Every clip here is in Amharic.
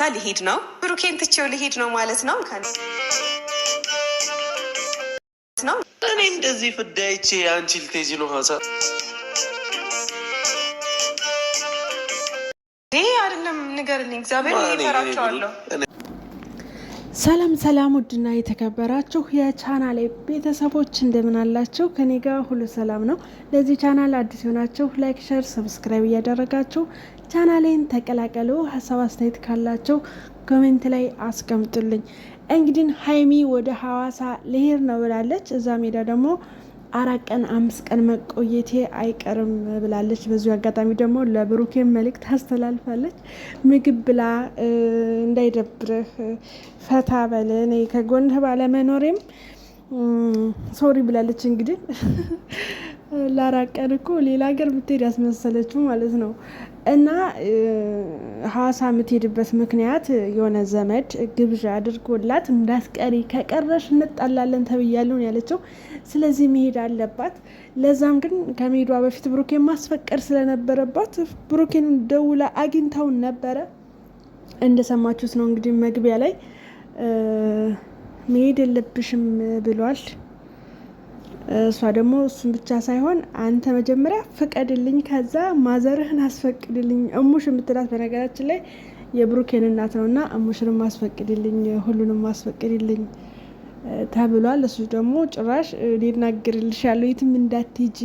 ሐዋሳ ሊሄድ ነው። ብሩኬን ትቼው ሊሄድ ነው ማለት ነው ነው እኔ እንደዚህ ፍዳይቼ አንቺ ልትሄጂ ነው ሐዋሳ አይደለም? ንገርልኝ። እግዚአብሔር ይፈራቸዋለሁ። ሰላም ሰላም፣ ውድና የተከበራችሁ የቻናሌ ቤተሰቦች እንደምን አላችሁ? ከኔ ጋር ሁሉ ሰላም ነው። ለዚህ ቻናል አዲስ የሆናችሁ ላይክ፣ ሸር፣ ሰብስክራይብ እያደረጋችሁ ቻናሌን ተቀላቀሉ። ሀሳብ አስተያየት ካላቸው ኮሜንት ላይ አስቀምጡልኝ። እንግዲህ ሀይሚ ወደ ሀዋሳ ልሄድ ነው ብላለች። እዛ ሜዳ ደግሞ አራት ቀን አምስት ቀን መቆየቴ አይቀርም ብላለች። በዚሁ አጋጣሚ ደግሞ ለብሩኬን መልእክት ታስተላልፋለች። ምግብ ብላ እንዳይደብርህ ፈታ በል እኔ ከጎንህ ባለመኖሬም ሶሪ ብላለች። እንግዲህ ለአራት ቀን እኮ ሌላ ሀገር ብትሄድ ያስመሰለችው ማለት ነው። እና ሀዋሳ የምትሄድበት ምክንያት የሆነ ዘመድ ግብዣ አድርጎላት እንዳትቀሪ ከቀረሽ እንጣላለን ተብያለሁ ያለችው፣ ስለዚህ መሄድ አለባት። ለዛም ግን ከመሄዷ በፊት ብሩኬን ማስፈቀድ ስለነበረባት ብሩኬን ደውላ አግኝተውን ነበረ። እንደሰማችሁት ነው እንግዲህ መግቢያ ላይ መሄድ የለብሽም ብሏል። እሷ ደግሞ እሱን ብቻ ሳይሆን አንተ መጀመሪያ ፍቀድልኝ፣ ከዛ ማዘርህን አስፈቅድልኝ እሙሽ የምትላት በነገራችን ላይ የብሩኬን እናት ነው እና እሙሽንም አስፈቅድልኝ፣ ሁሉንም አስፈቅድልኝ ተብሏል። እሱ ደግሞ ጭራሽ ሊናገርልሻለሁ የትም እንዳትሄጂ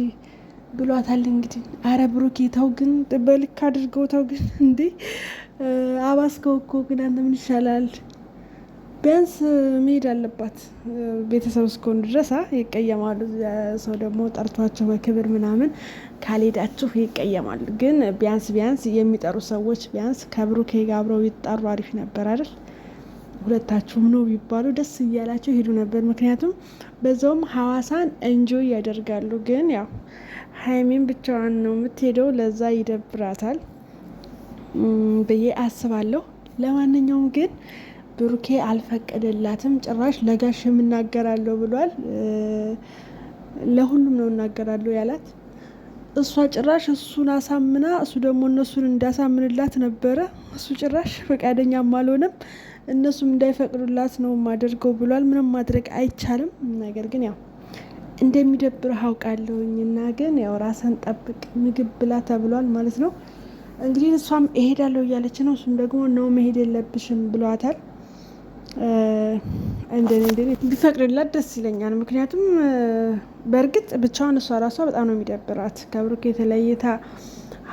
ብሏታል። እንግዲህ አረ ብሩኬ ተው ግን በልክ አድርገው ተው ግን እንዲህ አባስከው እኮ ግን አንተ ምን ይሻላል ቢያንስ መሄድ አለባት። ቤተሰብ እስከሆኑ ድረስ ይቀየማሉ። ሰው ደግሞ ጠርቷቸው በክብር ምናምን ካልሄዳችሁ ይቀየማሉ። ግን ቢያንስ ቢያንስ የሚጠሩ ሰዎች ቢያንስ ከብሩኬ ጋር አብረው ይጠሩ አሪፍ ነበር አይደል? ሁለታችሁም ነው ቢባሉ ደስ እያላቸው ይሄዱ ነበር። ምክንያቱም በዛውም ሀዋሳን እንጆይ ያደርጋሉ። ግን ያው ሀይሚን ብቻዋን ነው የምትሄደው፣ ለዛ ይደብራታል ብዬ አስባለሁ። ለማንኛውም ግን ብሩኬ አልፈቀደላትም። ጭራሽ ለጋሽም እናገራለሁ ብሏል። ለሁሉም ነው እናገራለሁ ያላት። እሷ ጭራሽ እሱን አሳምና እሱ ደግሞ እነሱን እንዳሳምንላት ነበረ። እሱ ጭራሽ ፈቃደኛም አልሆነም። እነሱም እንዳይፈቅዱላት ነው ማደርገው ብሏል። ምንም ማድረግ አይቻልም። ነገር ግን ያው እንደሚደብር አውቃለሁኝ እና ግን ያው ራስን ጠብቅ፣ ምግብ ብላ ተብሏል ማለት ነው። እንግዲህ እሷም እሄዳለሁ እያለች ነው። እሱም ደግሞ ነው መሄድ የለብሽም ብሏታል። እንደኔ እንደኔ ቢፈቅድላት ደስ ይለኛል። ምክንያቱም በእርግጥ ብቻዋን እሷ ራሷ በጣም ነው የሚደብራት ከብሩክ የተለይታ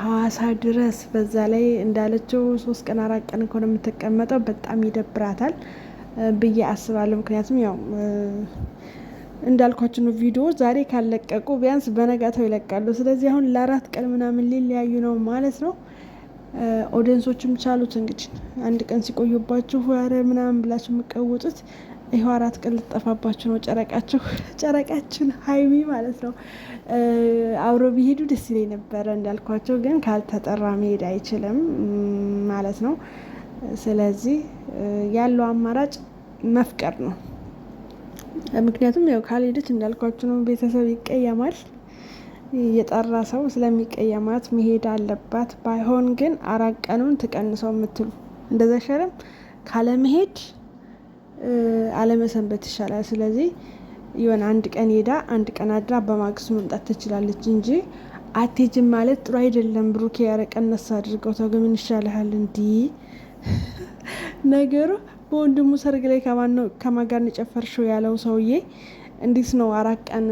ሀዋሳ ድረስ በዛ ላይ እንዳለችው ሶስት ቀን አራት ቀን ከሆነ የምትቀመጠው በጣም ይደብራታል ብዬ አስባለሁ። ምክንያቱም ያው እንዳልኳቸው ነው ቪዲዮ ዛሬ ካለቀቁ ቢያንስ በነጋተው ይለቃሉ። ስለዚህ አሁን ለአራት ቀን ምናምን ሊለያዩ ነው ማለት ነው። ኦዲየንሶችም ቻሉት እንግዲህ አንድ ቀን ሲቆዩባችሁ ኧረ ምናምን ብላችሁ የምቀውጡት ይኸው አራት ቀን ልጠፋባችሁ ነው። ጨረቃችሁ ጨረቃችን ሀይሚ ማለት ነው። አብሮ ቢሄዱ ደስ ይለኝ ነበረ እንዳልኳቸው፣ ግን ካልተጠራ መሄድ አይችልም ማለት ነው። ስለዚህ ያለው አማራጭ መፍቀር ነው። ምክንያቱም ያው ካልሄደች እንዳልኳቸው ነው ቤተሰብ ይቀየማል። የጠራ ሰው ስለሚቀየማት መሄድ አለባት። ባይሆን ግን አራት ቀኑን ትቀንሰው የምትሉ እንደዘሸርም ካለመሄድ አለመሰንበት ይሻላል። ስለዚህ የሆነ አንድ ቀን ሄዳ አንድ ቀን አድራ በማግስቱ መምጣት ትችላለች እንጂ አቴጅን ማለት ጥሩ አይደለም። ብሩኬ ያረ ቀነስ አድርገው ተው፣ ግን ምን ይሻልሃል? እንዲህ ነገሩ በወንድሙ ሰርግ ላይ ከማን ነው ከማን ጋር የጨፈርሽው ያለው ሰውዬ እንዴት ነው አራት ቀን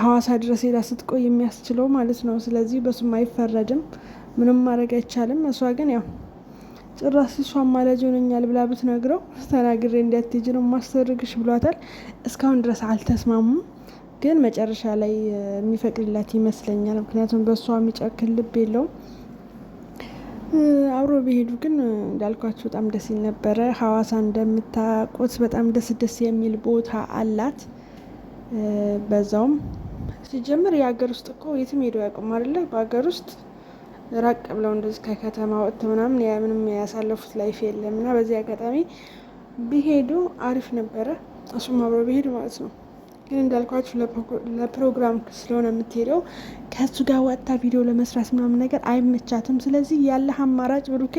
ሀዋሳ ድረስ ሄዳ ስትቆይ የሚያስችለው ማለት ነው። ስለዚህ በሱም አይፈረድም፣ ምንም ማድረግ አይቻልም። እሷ ግን ያው ጭራሽ እሷ ማለጅ ሆነኛል ብላ ብትነግረው ተናግሬ እንዲያትጅ ነው ማስደርግሽ ብሏታል። እስካሁን ድረስ አልተስማሙም፣ ግን መጨረሻ ላይ የሚፈቅድላት ይመስለኛል። ምክንያቱም በእሷ የሚጨክን ልብ የለውም። አብሮ ቢሄዱ ግን እንዳልኳቸው በጣም ደስ ይል ነበረ። ሀዋሳ እንደምታውቁት በጣም ደስ ደስ የሚል ቦታ አላት። በዛውም ሲጀምር የሀገር ውስጥ እኮ የትም ሄዶ ያውቁም አይደለ? በሀገር ውስጥ ራቅ ብለው እንደዚህ ከከተማ ወጥቶ ምናምን ምንም ያሳለፉት ላይፍ የለም እና በዚህ አጋጣሚ ቢሄዱ አሪፍ ነበረ። እሱም አብሮ ቢሄድ ማለት ነው። ግን እንዳልኳችሁ ለፕሮግራም ስለሆነ የምትሄደው ከእሱ ጋር ወጥታ ቪዲዮ ለመስራት ምናምን ነገር አይመቻትም። ስለዚህ ያለህ አማራጭ ብሩኬ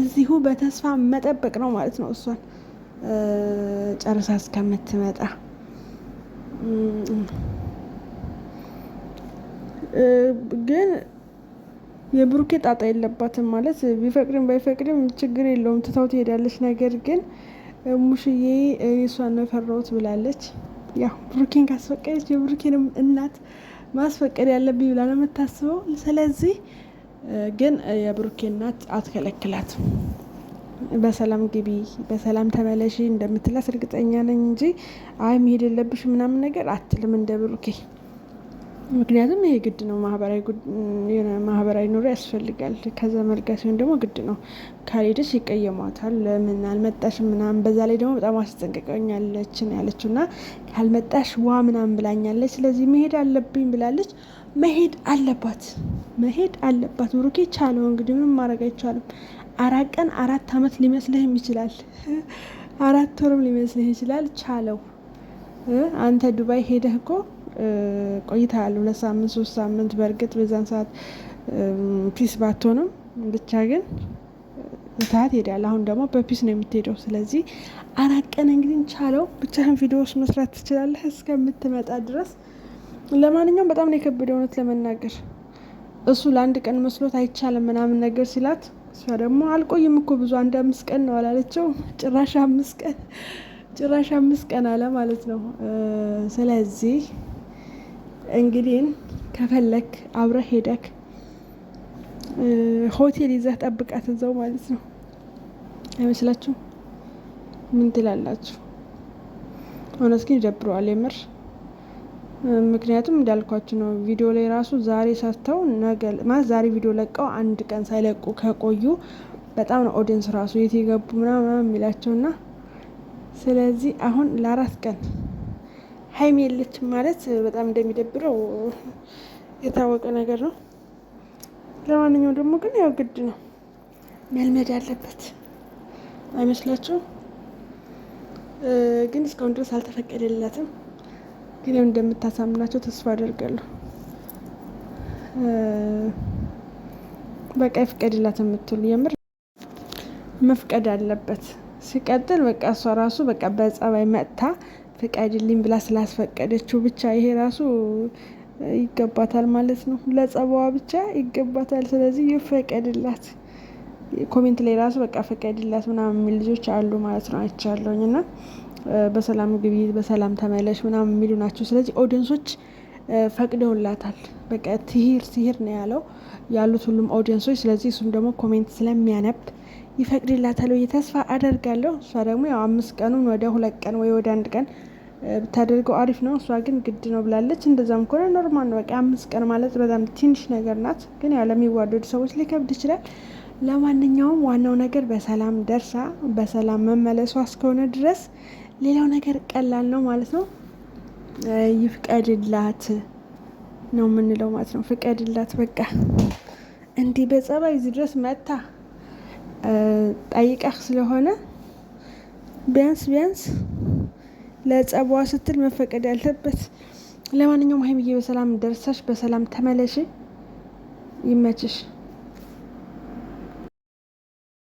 እዚሁ በተስፋ መጠበቅ ነው ማለት ነው እሷን ጨርሳ እስከምትመጣ ግን የብሩኬ ጣጣ የለባትም ማለት ቢፈቅድም ባይፈቅድም ችግር የለውም፣ ትታው ትሄዳለች። ነገር ግን ሙሽዬ እሷን ነው የፈራሁት ብላለች። ያው ብሩኬን ካስፈቀደች የብሩኬንም እናት ማስፈቀድ ያለብኝ ብላ ነው የምታስበው። ስለዚህ ግን የብሩኬ እናት አትከለክላትም። በሰላም ግቢ በሰላም ተመለሺ እንደምትላት እርግጠኛ ነኝ እንጂ አይ መሄድ የለብሽ ምናምን ነገር አትልም እንደ ብሩኬ። ምክንያቱም ይሄ ግድ ነው፣ ማህበራዊ ኑሮ ያስፈልጋል። ከዘመድ ጋር ሲሆን ደግሞ ግድ ነው። ካልሄደች ይቀየሟታል፣ ለምን አልመጣሽ ምናምን። በዛ ላይ ደግሞ በጣም አስጠንቅቀኛለች ነው ያለችው እና ካልመጣሽ ዋ ምናምን ብላኛለች። ስለዚህ መሄድ አለብኝ ብላለች። መሄድ አለባት፣ መሄድ አለባት። ብሩኬ ቻለው እንግዲህ ምንም ማድረግ አይቻልም። አራት ቀን አራት አመት ሊመስልህም ይችላል። አራት ወርም ሊመስልህ ይችላል። ቻለው። አንተ ዱባይ ሄደህ እኮ ቆይተሃል፣ ሁለት ሳምንት ሶስት ሳምንት። በእርግጥ በዛን ሰዓት ፒስ ባትሆንም ብቻ ግን ታት ሄዳል። አሁን ደግሞ በፒስ ነው የምትሄደው። ስለዚህ አራት ቀን እንግዲህ ቻለው። ብቻህን ቪዲዮዎች መስራት ትችላለህ እስከምትመጣ ድረስ። ለማንኛውም በጣም ነው የከበደ እውነት ለመናገር እሱ ለአንድ ቀን መስሎት አይቻልም ምናምን ነገር ሲላት እሷ ደግሞ አልቆይም እኮ ብዙ አንድ አምስት ቀን ነው አላለችው? ጭራሽ አምስት ቀን ጭራሽ አምስት ቀን አለ ማለት ነው። ስለዚህ እንግዲህ ከፈለክ አብረህ ሄደክ ሆቴል ይዘህ ጠብቃት እዛው ማለት ነው። አይመስላችሁ? ምን ትላላችሁ? እውነት ግን ይደብረዋል የምር ምክንያቱም እንዳልኳችሁ ነው ቪዲዮ ላይ ራሱ ዛሬ ሰርተው ነገ ማለት ዛሬ ቪዲዮ ለቀው አንድ ቀን ሳይለቁ ከቆዩ በጣም ነው ኦዲንስ ራሱ የት የገቡ ምናምን የሚላቸው የሚላቸውና ስለዚህ አሁን ለአራት ቀን ሀይሚ የለችም ማለት በጣም እንደሚደብረው የታወቀ ነገር ነው። ለማንኛውም ደግሞ ግን ያው ግድ ነው መልመድ አለበት አይመስላችሁም? ግን እስካሁን ድረስ አልተፈቀደላትም። እኔም እንደምታሳምናቸው ተስፋ አደርጋለሁ። በቃ ይፍቀድላት የምትሉ የምር መፍቀድ አለበት። ሲቀጥል በቃ እሷ ራሱ በቃ በጸባይ መጥታ ፍቀድልኝ ብላ ስላስፈቀደችው ብቻ ይሄ ራሱ ይገባታል ማለት ነው። ለጸባዋ ብቻ ይገባታል። ስለዚህ ይፈቀድላት። ኮሜንት ላይ ራሱ በቃ ፈቀድላት ምናምን የሚል ልጆች አሉ ማለት ነው አይቻለሁኝ እና በሰላም ግቢ፣ በሰላም ተመለሽ ምናምን የሚሉ ናቸው። ስለዚህ ኦዲየንሶች ፈቅደውላታል። በቃ ትሂር ትሂር ነው ያለው ያሉት ሁሉም ኦዲየንሶች። ስለዚህ እሱም ደግሞ ኮሜንት ስለሚያነብ ይፈቅድላታል ብዬ ተስፋ አደርጋለሁ። እሷ ደግሞ ያው አምስት ቀኑን ወደ ሁለት ቀን ወይ ወደ አንድ ቀን ብታደርገው አሪፍ ነው። እሷ ግን ግድ ነው ብላለች። እንደዛም ከሆነ ኖርማል ነው። በቃ አምስት ቀን ማለት በጣም ትንሽ ነገር ናት። ግን ያው ለሚዋደዱ ሰዎች ሊከብድ ይችላል። ለማንኛውም ዋናው ነገር በሰላም ደርሳ በሰላም መመለሷ እስከሆነ ድረስ ሌላው ነገር ቀላል ነው ማለት ነው። ይፍቀድላት ነው የምንለው ማለት ነው። ፍቀድላት በቃ እንዲህ በጸባይ እዚህ ድረስ መታ ጠይቀህ ስለሆነ ቢያንስ ቢያንስ ለጸባዋ ስትል መፈቀድ ያለበት። ለማንኛውም ሀይሚዬ በሰላም ደርሰሽ በሰላም ተመለሽ። ይመችሽ።